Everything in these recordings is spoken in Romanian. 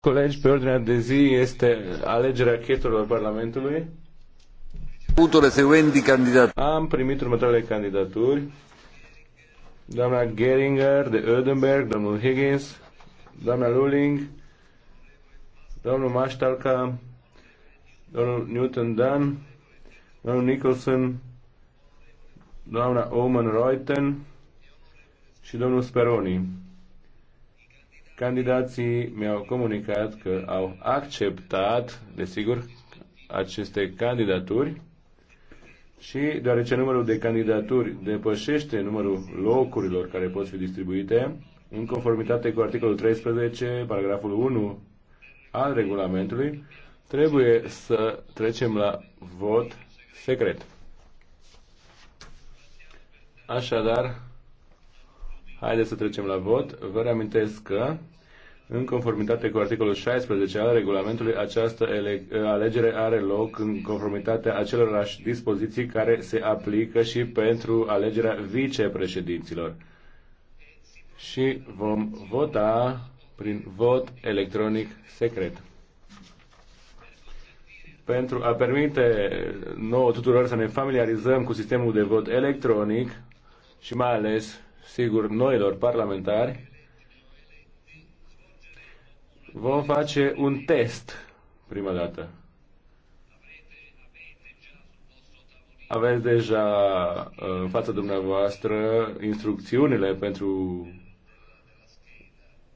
Colegi, pe ordinea de zi este alegerea cheturilor Parlamentului. seguenti Am primit următoarele candidaturi. Doamna Geringer de Ödenberg, domnul Higgins, doamna Luling, domnul Maștalca, domnul Newton Dunn, domnul Nicholson, doamna Oman Reuten și domnul Speroni. Candidații mi-au comunicat că au acceptat, desigur, aceste candidaturi și deoarece numărul de candidaturi depășește numărul locurilor care pot fi distribuite, în conformitate cu articolul 13, paragraful 1 al regulamentului, trebuie să trecem la vot secret. Așadar, Haideți să trecem la vot. Vă reamintesc că, în conformitate cu articolul 16 al regulamentului, această alegere are loc în conformitatea acelorași dispoziții care se aplică și pentru alegerea vicepreședinților. Și vom vota prin vot electronic secret pentru a permite nouă tuturor să ne familiarizăm cu sistemul de vot electronic și mai ales sigur, noilor parlamentari, vom face un test prima dată. Aveți deja uh, în fața dumneavoastră instrucțiunile pentru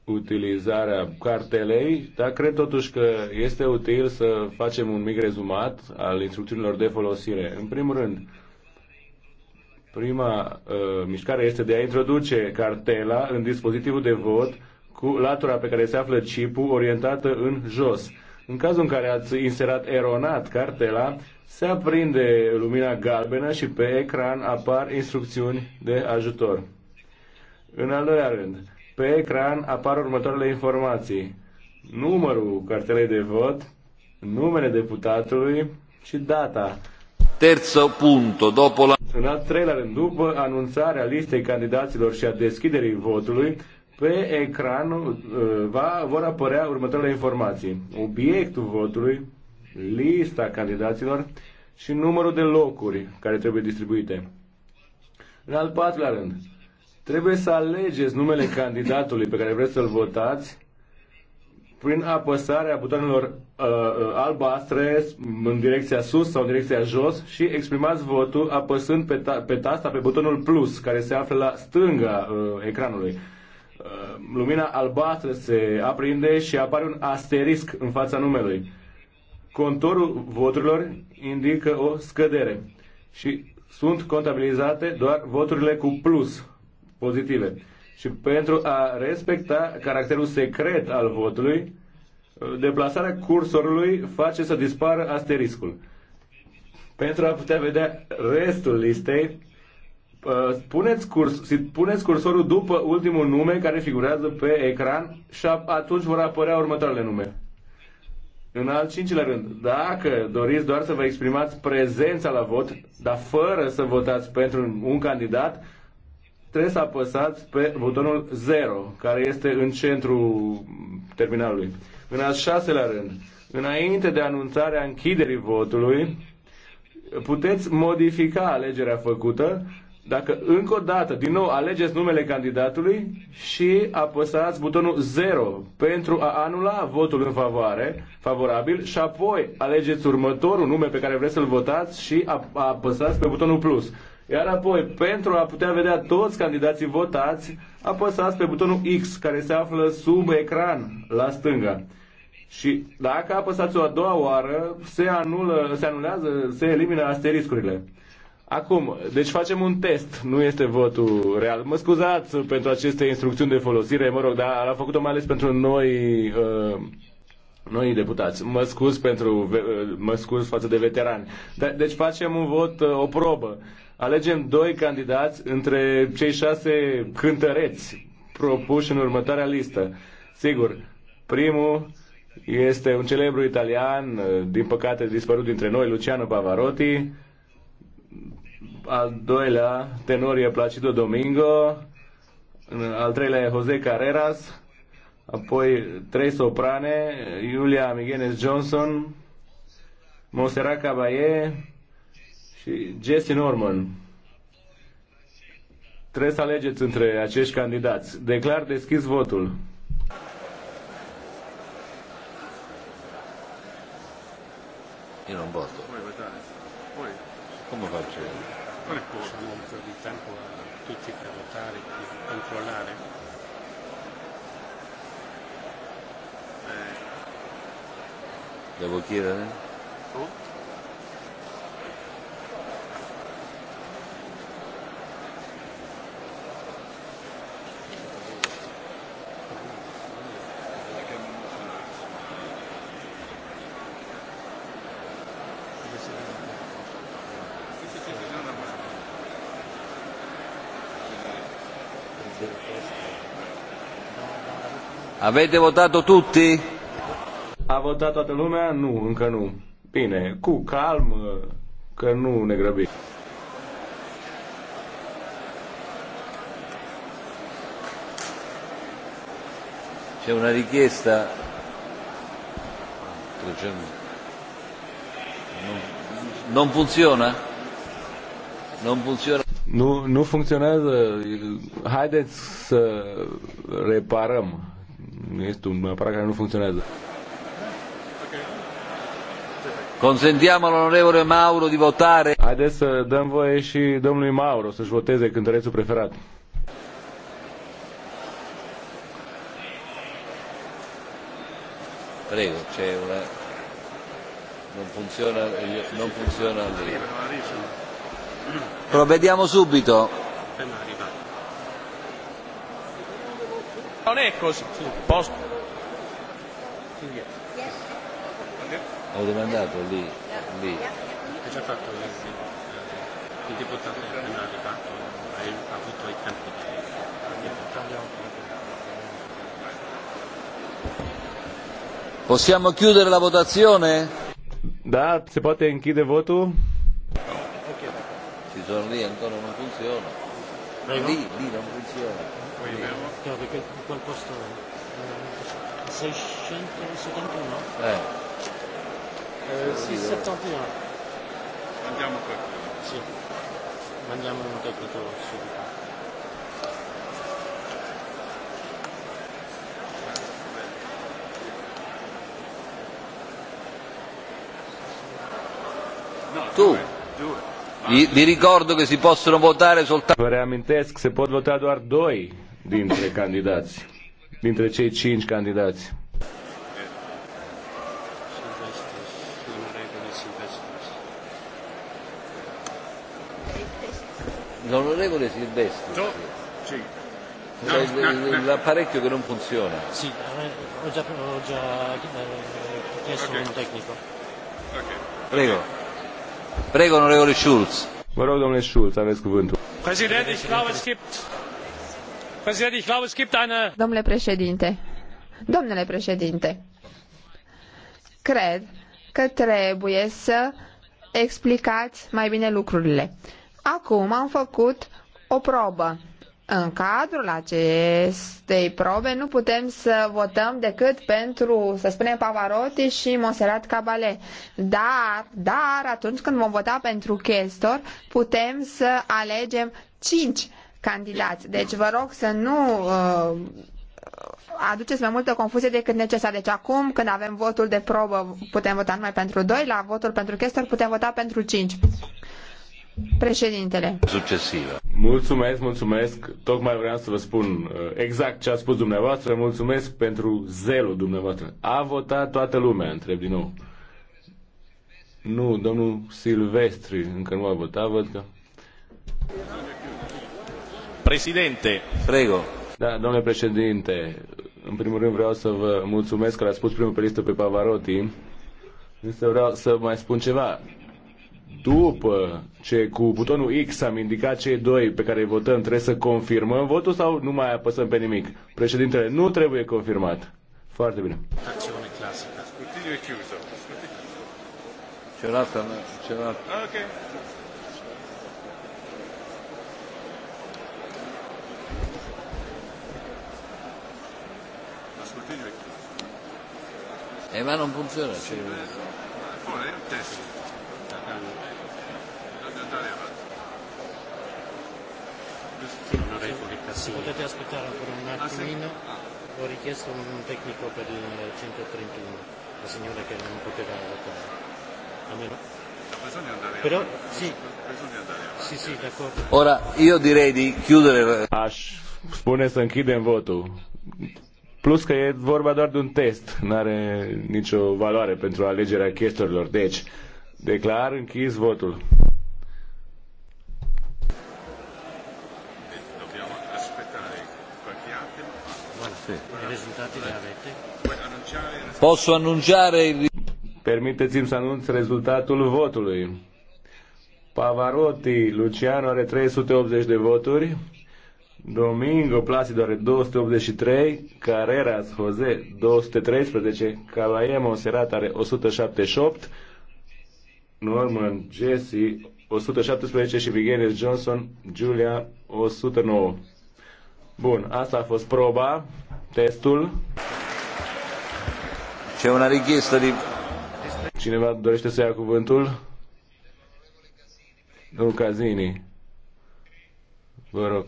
utilizarea cartelei, dar cred totuși că este util să facem un mic rezumat al instrucțiunilor de folosire. În primul rând, Prima uh, mișcare este de a introduce cartela în dispozitivul de vot cu latura pe care se află chipul orientată în jos. În cazul în care ați inserat eronat cartela, se aprinde lumina galbenă și pe ecran apar instrucțiuni de ajutor. În al doilea rând, pe ecran apar următoarele informații. Numărul cartelei de vot, numele deputatului și data. Terzo punto, dopo la... În al treilea rând, după anunțarea listei candidaților și a deschiderii votului, pe ecran uh, va, vor apărea următoarele informații. Obiectul votului, lista candidaților și numărul de locuri care trebuie distribuite. În al patrulea rând, trebuie să alegeți numele candidatului pe care vreți să-l votați prin apăsarea butoanelor uh, uh, albastre în direcția sus sau în direcția jos și exprimați votul apăsând pe, ta- pe tasta pe butonul plus care se află la stânga uh, ecranului. Uh, lumina albastră se aprinde și apare un asterisc în fața numelui. Contorul voturilor indică o scădere și sunt contabilizate doar voturile cu plus pozitive și pentru a respecta caracterul secret al votului, deplasarea cursorului face să dispară asteriscul. Pentru a putea vedea restul listei, uh, puneți, curs, puneți cursorul după ultimul nume care figurează pe ecran și atunci vor apărea următoarele nume. În al cincilea rând, dacă doriți doar să vă exprimați prezența la vot, dar fără să votați pentru un candidat, trebuie să apăsați pe butonul 0, care este în centrul terminalului. În al șaselea rând, înainte de anunțarea închiderii votului, puteți modifica alegerea făcută dacă încă o dată, din nou, alegeți numele candidatului și apăsați butonul 0 pentru a anula votul în favoare, favorabil și apoi alegeți următorul nume pe care vreți să-l votați și apăsați pe butonul plus. Iar apoi, pentru a putea vedea toți candidații votați, apăsați pe butonul X, care se află sub ecran, la stânga. Și dacă apăsați o a doua oară, se, anulă, se anulează, se elimină asteriscurile. Acum, deci facem un test, nu este votul real. Mă scuzați pentru aceste instrucțiuni de folosire, mă rog, dar a făcut-o mai ales pentru noi, uh, noi deputați. Mă scuz, pentru, uh, mă scuz față de veterani. De- da, deci facem un vot, uh, o probă alegem doi candidați între cei șase cântăreți propuși în următoarea listă. Sigur, primul este un celebru italian, din păcate dispărut dintre noi, Luciano Pavarotti. Al doilea tenor e Placido Domingo. Al treilea e Jose Carreras. Apoi trei soprane, Iulia Migenes Johnson, Monserrat Caballé și Jesse Norman, trebuie să alegeți între acești candidați. Declar deschis votul. Eu nu voto. Puoi votare. Puoi. Come faccio io? Non è possibile. un po' di tempo a tutti per votare, per controllare. Eh. Devo chiedere? Oh? Avete votato tutti? A votat toată lumea? Nu, încă nu. Bine, cu calm, că nu ne grăbim. C'è una richiesta? non funziona? Non funziona? Nu, nu funcționează. Haideți să reparăm este un aparat care nu funcționează. Consentiamo all'onorevole Mauro di votare. Haideți să dăm voie și domnului Mauro să-și voteze cântărețul preferat. Prego, c'è una... Non funziona, non funziona lì. Provvediamo subito. Eh, Non è così. Sì. Posto. Ho domandato lì. lì. Ha già fatto il, eh, eh, il deputato prima di fatto, ha avuto i tempi di Possiamo chiudere la votazione? Da, si può chiudere il voto? Ci sono lì, ancora non funziona. Prego? Lì, lì non funziona. Poi abbiamo? perché in quel posto 671? Eh, eh. eh 671. Mandiamo qualcuno. Sì. Mandiamo un tecnico subito. Vi ricordo che si possono votare soltanto... Vă reamintesc, se pot vota doar doi dintre candidați, dintre cei cinci candidați. L'onorevole Silvestri. No, sì. No, L'apparecchio che non funziona. Sì, eh, ho già, ho già eh, chiesto okay. un tecnico. Okay. Prego. Okay. Prego, onorevole Schulz. Vă rog, domnule Schulz, aveți cuvântul. Domnule președinte, domnule președinte, cred că trebuie să explicați mai bine lucrurile. Acum am făcut o probă. În cadrul acestei probe nu putem să votăm decât pentru, să spunem, Pavarotti și Monserrat Cabale. Dar, dar, atunci când vom vota pentru chestor, putem să alegem cinci candidați. Deci vă rog să nu uh, aduceți mai multă confuzie decât necesar. Deci acum, când avem votul de probă, putem vota numai pentru doi, la votul pentru chestor putem vota pentru cinci. Președintele. Succesivă. Mulțumesc, mulțumesc. Tocmai vreau să vă spun uh, exact ce a spus dumneavoastră. Mulțumesc pentru zelul dumneavoastră. A votat toată lumea, întreb din nou. Nu, domnul Silvestri încă nu a votat, văd că... Președinte. Prego. Da, domnule președinte, în primul rând vreau să vă mulțumesc că l-ați spus primul pe listă pe Pavarotti, însă vreau să mai spun ceva după ce cu butonul X am indicat cei doi pe care îi votăm, trebuie să confirmăm votul sau nu mai apăsăm pe nimic? Președintele, nu trebuie confirmat. Foarte bine. Acțiune clasică. Scrutinio chiuso. Ok. E ma non funziona. Sì, cioè... Vuole il testo. Potete aspettare ancora un attimino, ho richiesto un tecnico per il 131, la signora che non poteva votare. A meno... Però sì, sì, sì, d'accordo. Ora io direi di chiudere. Aș spune să închidem votul. Plus că e vorba doar de un test, nu are nicio valoare pentru alegerea chestorilor. Deci, declar închis votul. Posso annunciare Permiteți-mi să anunț rezultatul votului. Pavarotti Luciano are 380 de voturi, Domingo Placido are 283, Carreras Jose 213, Caballemo Serat are 178, Norman Jesse 117 și Vigenes Johnson Julia 109. Bun, asta a fost proba, testul. C'è una richiesta di... Cineva dorește să ia cuvântul? Domnul Cazini. Vă rog.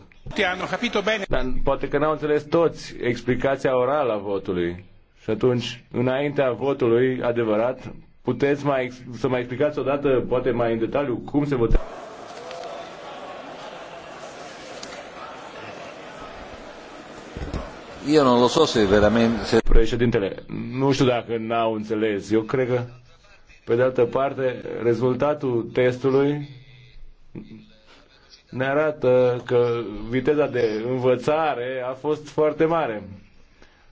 Dar poate că n-au înțeles toți explicația orală a votului. Și atunci, înaintea votului adevărat, puteți mai, să mai explicați odată, poate mai în detaliu, cum se votează? Eu nu lo veramente... Președintele, nu știu dacă n-au înțeles. Eu cred că, pe de altă parte, rezultatul testului ne arată că viteza de învățare a fost foarte mare.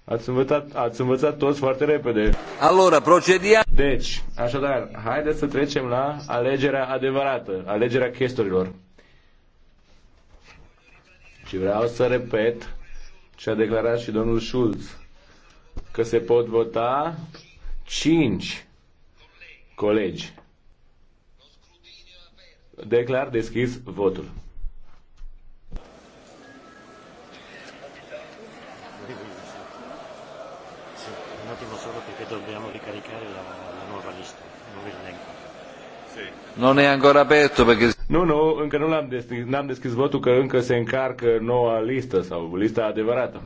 Ați învățat, ați învățat toți foarte repede. Alora, procedia... Deci, așadar, haideți să trecem la alegerea adevărată, alegerea chestorilor. Și vreau să repet și a declarat și domnul Schulz că se pot vota cinci colegi. Declar deschis votul. Un attimo solo perché dobbiamo ricaricare la, la nuova lista, non Non è ancora aperto perché nu, nu, încă nu l-am deschis, n-am deschis votul, că încă se încarcă noua listă sau lista adevărată.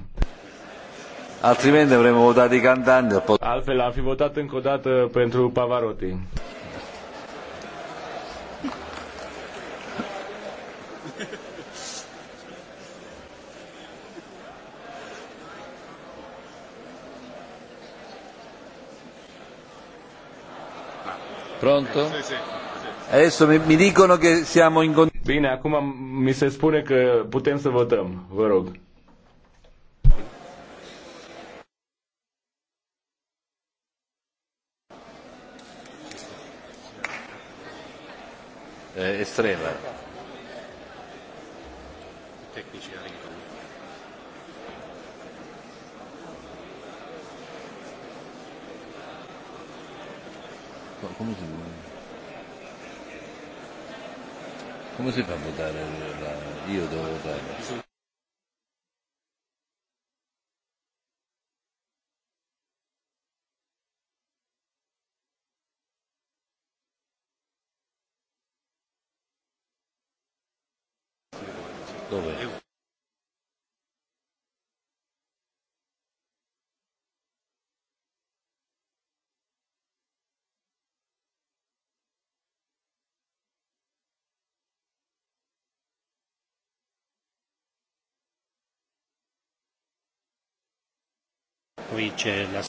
Altrimenti avremmo votat i cantanti. Altfel am fi votat încă o dată pentru Pavarotti. Pronto? Sì, sì. Adesso mi, dicono che siamo in Bine, acum mi se spune că putem să votăm. Vă rog. eh, estrema. tecnici arrivano. Come si Come si fa a votare? La... Io devo votare. Dove? qui c'è eh, la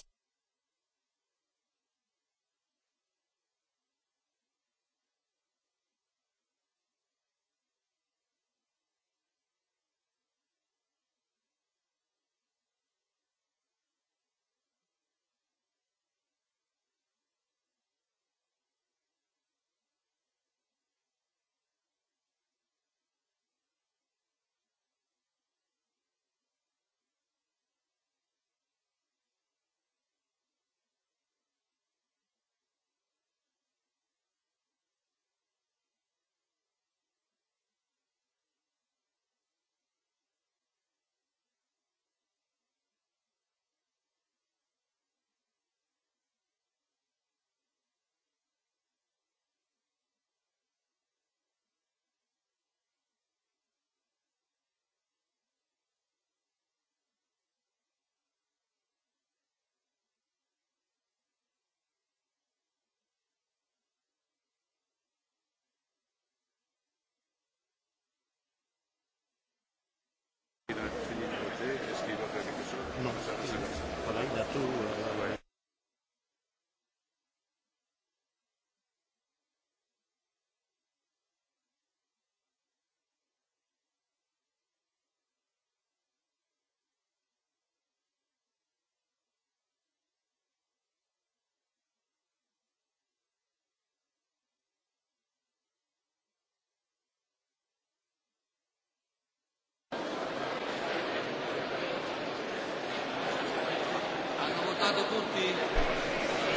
Salute tutti.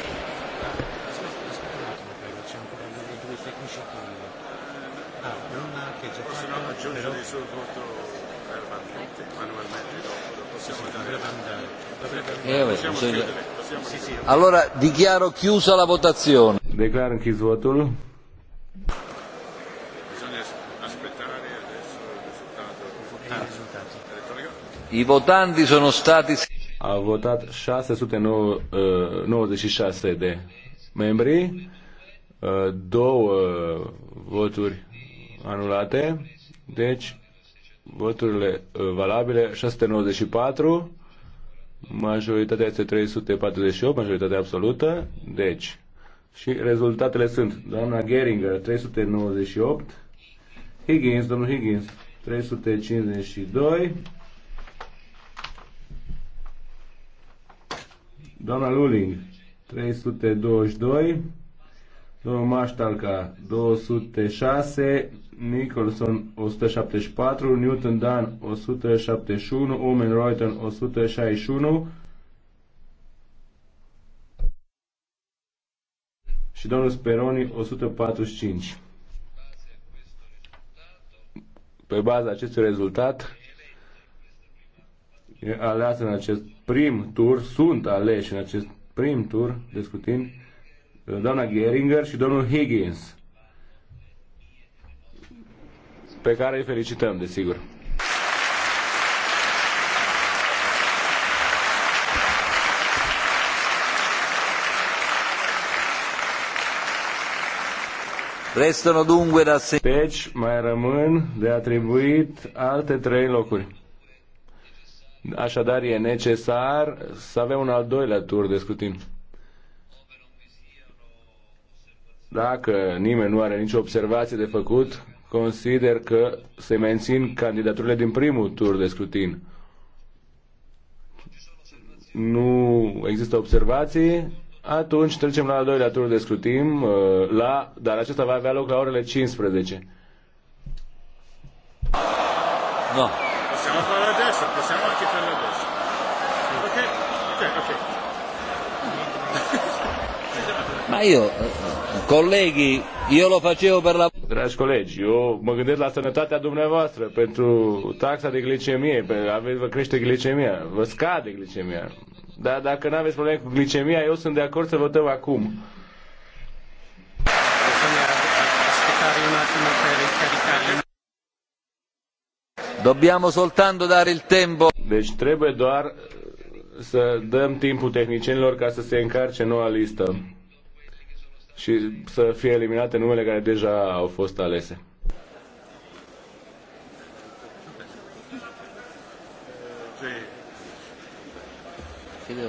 Aspetta, aspetta un attimo, prego, c'è ancora dei due tecnici che... il suo voto bisogna... scrivere, possiamo sì, sì. I votanti sono stati a votat 696 uh, de membri, uh, două uh, voturi anulate, deci voturile valabile 694, majoritatea este 348, majoritatea absolută, deci și rezultatele sunt doamna Geringer 398, Higgins, domnul Higgins 352, Doamna Luling, 322. Domnul Maștalca, 206. Nicholson, 174. Newton Dan, 171. Omen Reuten, 161. și domnul Speroni 145. Pe baza acestui rezultat, aleasă în acest prim tur, sunt aleși în acest prim tur de uh, doamna Geringer și domnul Higgins, pe care îi felicităm, desigur. Restano dunque da se... Deci mai rămân de atribuit alte trei locuri. Așadar, e necesar să avem un al doilea tur de scrutin. Dacă nimeni nu are nicio observație de făcut, consider că se mențin candidaturile din primul tur de scrutin. Nu există observații, atunci trecem la al doilea tur de scrutin, uh, la, dar acesta va avea loc la orele 15. No. Da. Ma io, eh, colleghi, io lo facevo per la... Dragi colegi, eu mă gândesc la sănătatea dumneavoastră pentru taxa de glicemie, pe, aveți, vă crește glicemia, vă scade glicemia. Dar dacă nu aveți probleme cu glicemia, eu sunt de acord să votăm acum. Dobbiamo soltanto dare il tempo. Deci trebuie doar să dăm timpul tehnicienilor ca să se încarce noua listă și să fie eliminate numele care deja au fost alese. Fine,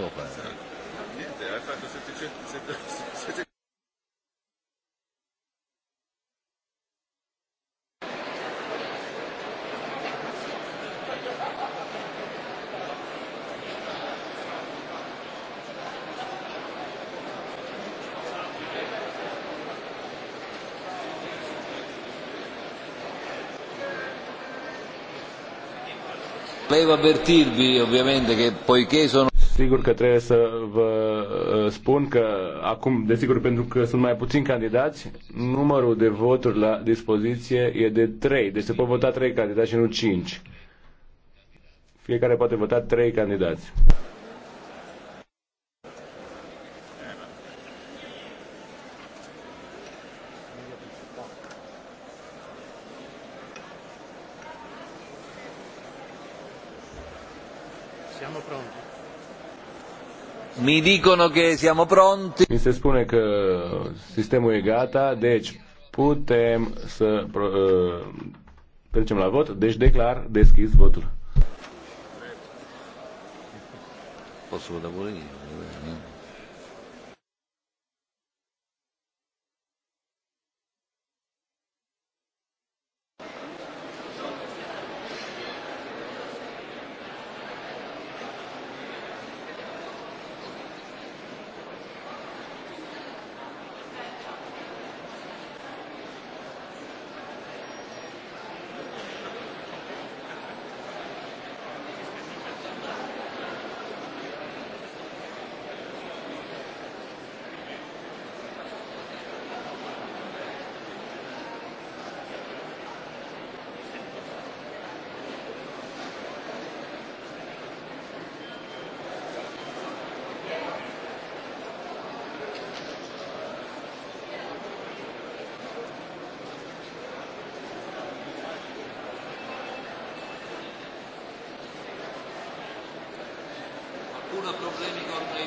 Devo avvertirvi ovviamente che poiché sono... Sigur că trebuie să vă uh, spun că acum, desigur, pentru că sunt mai puțini candidați, numărul de voturi la dispoziție e de 3. Deci se pot vota 3 candidați și nu 5. Fiecare poate vota 3 candidați. Mi dicono che siamo pronti. Mi se spune că sistemul e gata, deci putem să uh, trecem la vot. Deci declar deschis votul. Posso votare pure io.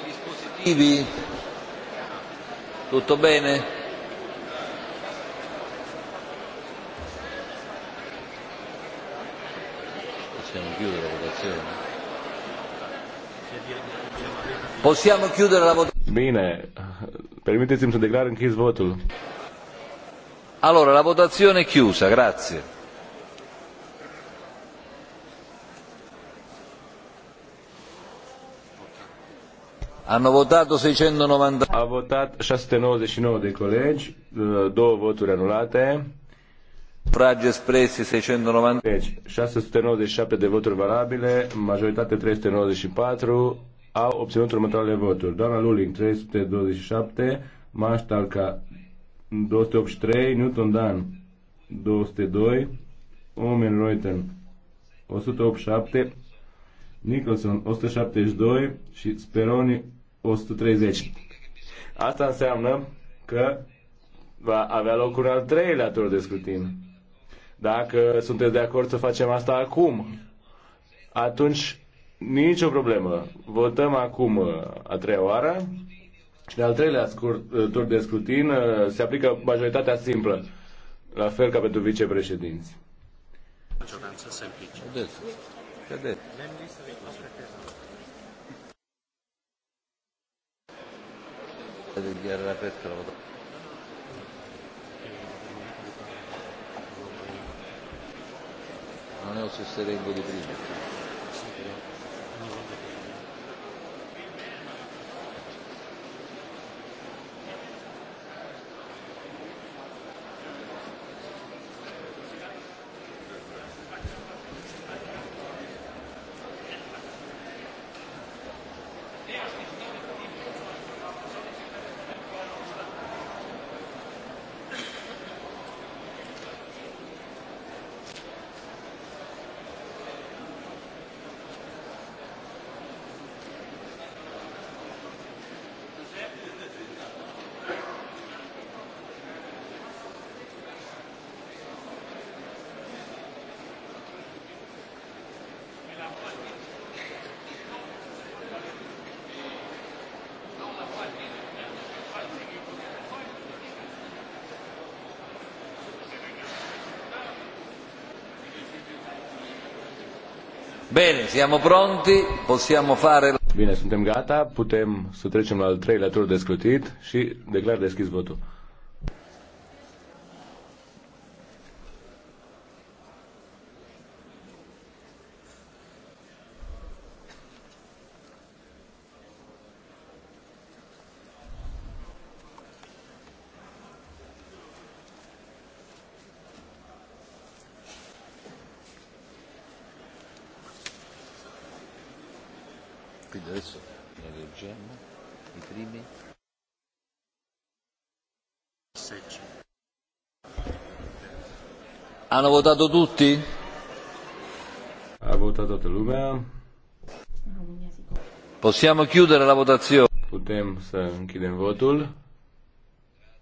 dispositivi? Tutto bene? Possiamo chiudere la votazione? Possiamo chiudere la votazione? Bine, permettetemi să declar închis votul. Allora, la votazione è chiusa, grazie. Hanno votato 690. Ha votat 699 de colegi, uh, două voturi anulate. Frage espressi 690. Deci, 697 de voturi valabile, majoritate 394, au obținut următoarele voturi. Doamna Luling 327, Maștalca 283, Newton Dan 202, Omen Reuten 187, Nicholson 172 și Speroni 130. Asta înseamnă că va avea loc un al treilea tur de scrutin. Dacă sunteți de acord să facem asta acum, atunci nicio problemă. Votăm acum uh, a treia oară și de al treilea scurt, uh, tur de scrutin uh, se aplică majoritatea simplă, la fel ca pentru vicepreședinți. Maggioranza de dichiarare aperta la votazione. Non è lo stesso elenco di prima. Bine, siamo pronti, possiamo fare... Bine, suntem gata, putem să trecem la al treilea tur de scrutit și declar deschis votul. Hanno votato tutti? Ha votato tutta lumea. Possiamo chiudere la votazione. Putem să închidem votul.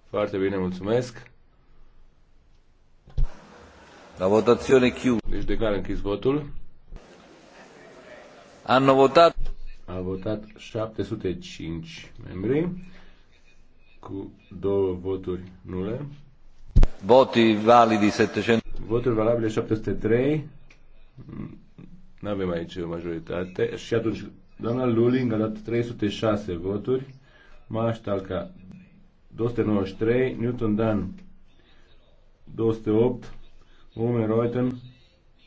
Foarte bine, mulțumesc. La votazione chiusa. Deci declar închis votul. Hanno votat. A votat 705 membri cu două voturi nule. Voti validi 700. Voturi valabile 703. Nu avem aici o majoritate. Și atunci, doamna Luling a dat 306 voturi. Maștalca 293, Newton Dan 208, Omen Reuten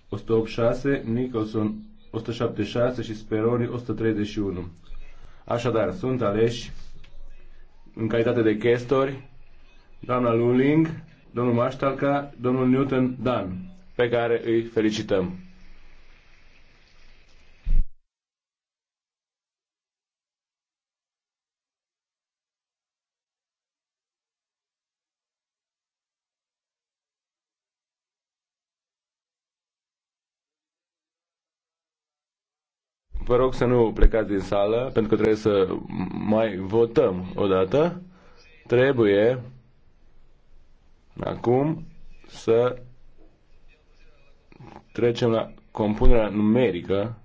186, Nicholson 176 și Speroni 131. Așadar, sunt aleși în calitate de chestori doamna Luling domnul Maștalca, domnul Newton Dan, pe care îi felicităm. vă rog să nu plecați din sală, pentru că trebuie să mai votăm o dată. Trebuie Acum să trecem la compunerea numerică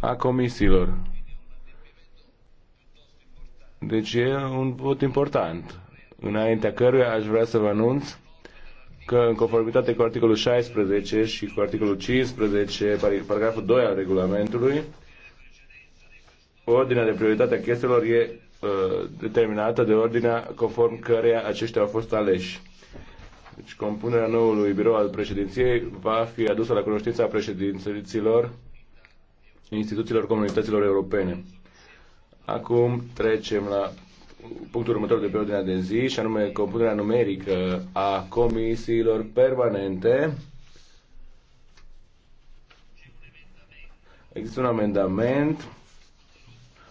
a comisiilor. Deci e un vot important, înaintea căruia aș vrea să vă anunț că în conformitate cu articolul 16 și cu articolul 15, paragraful 2 al regulamentului, ordinea de prioritate a chestiilor e Uh, determinată de ordinea conform căreia aceștia au fost aleși. Deci compunerea noului birou al președinției va fi adusă la cunoștința președinților instituțiilor comunităților europene. Acum trecem la punctul următor de pe ordinea de zi, și anume compunerea numerică a comisiilor permanente. Există un amendament,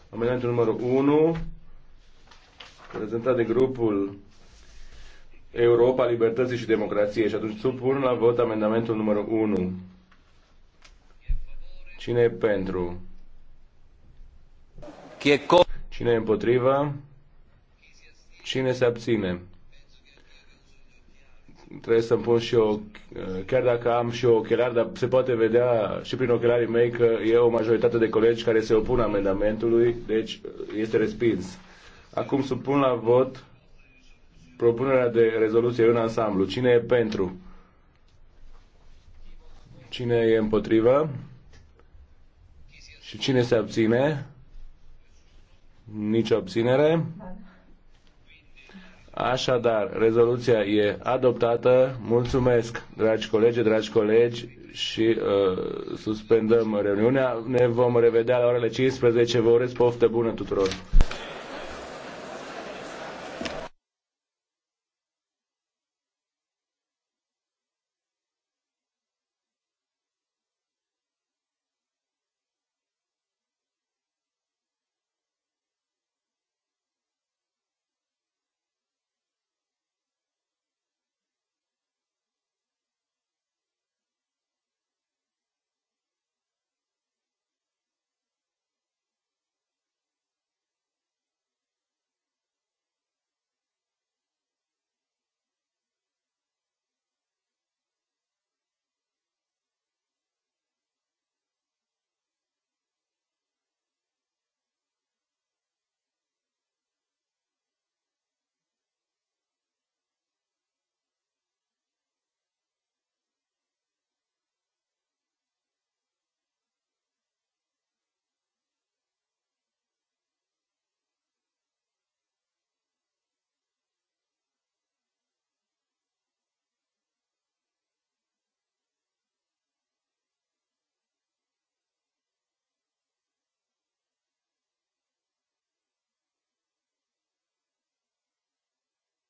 amendamentul numărul 1, prezentat de grupul Europa Libertății și Democrație și atunci supun la vot amendamentul numărul 1. Cine e pentru? Cine e împotriva? Cine se abține? Trebuie să-mi pun și eu, chiar dacă am și eu ochelari, dar se poate vedea și prin ochelarii mei că e o majoritate de colegi care se opun amendamentului, deci este respins. Acum supun la vot propunerea de rezoluție în ansamblu. Cine e pentru? Cine e împotrivă? Și cine se abține? Nici abținere. Așadar, rezoluția e adoptată. Mulțumesc, dragi colegi, dragi colegi, și uh, suspendăm reuniunea. Ne vom revedea la orele 15. Vă urez poftă bună tuturor!